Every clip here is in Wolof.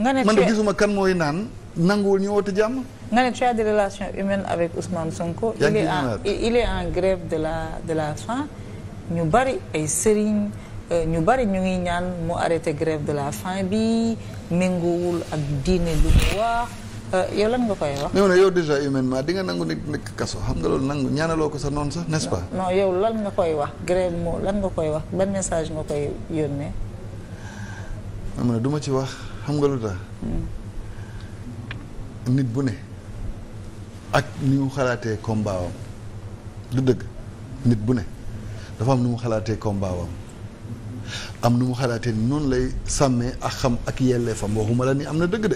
nga ne man de gisuma kan mooy naan nanguwul ñu woote jàmm. nga ne tu as des relations humaines avec Ousmane Sonko. il est en il est en grève de la de la faim ñu bari ay sëriñ euh, ñu bari ñu ngi ñaan mu arrêté grève de la faim bi méngoowul ak diine lu mu wax. Euh, yow lan nga koy wax. mais yow déjà humainement di nga nangu nit nekk kaso xam nga loolu nangu ñaanaloo ko sa noonu sax n'est-ce pas. non yow lan nga koy wax grève moo lan nga koy wax ban message nga koy yónnee. man du ma ci wax. xam nga lu tax nit bu ne ak ni mu xalaatee combat du dëgg nit bu ne dafa am nu mu xalaatee combat am nu mu xalaatee noonu lay sàmmee ak xam ak yelleefam waxuma la ni am na dëgg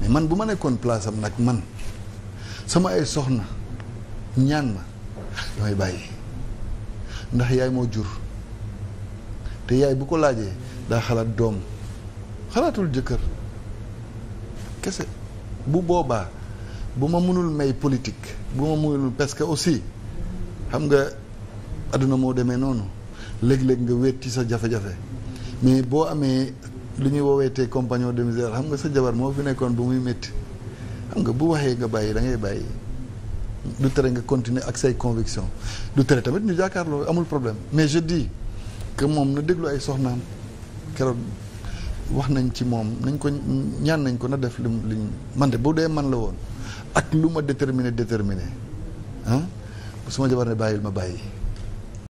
de man bu ma nekkoon place am nag man sama ay soxna ñaan ma damay bàyyi ndax yaay moo jur te yaay bu ko laajee daa xalaat doom xalaatul jëkkër kese bu boobaa bu ma mënul may politique bu ma mënul parce que aussi xam nga àdduna moo demee noonu léeg-léeg nga wéet ci sa jafe-jafe mais boo amee lu ñuy wooweetee compagnon de misère xam nga sa jabar moo fi nekkoon bu muy métti xam nga bu waxee nga bàyyi da ngay bàyyi du tere nga continuer ak say conviction du tere tamit ñu jàkkaarloo amul problème mais je di que moom na déglu ay soxnaam keroog wax nañ ci moom nañ ko ñaan nañ ko na def lim liñ man de bu dee man la woon ak lu ma déterminé déterminé ah su ma jabar ne bàyyil ma bàyyi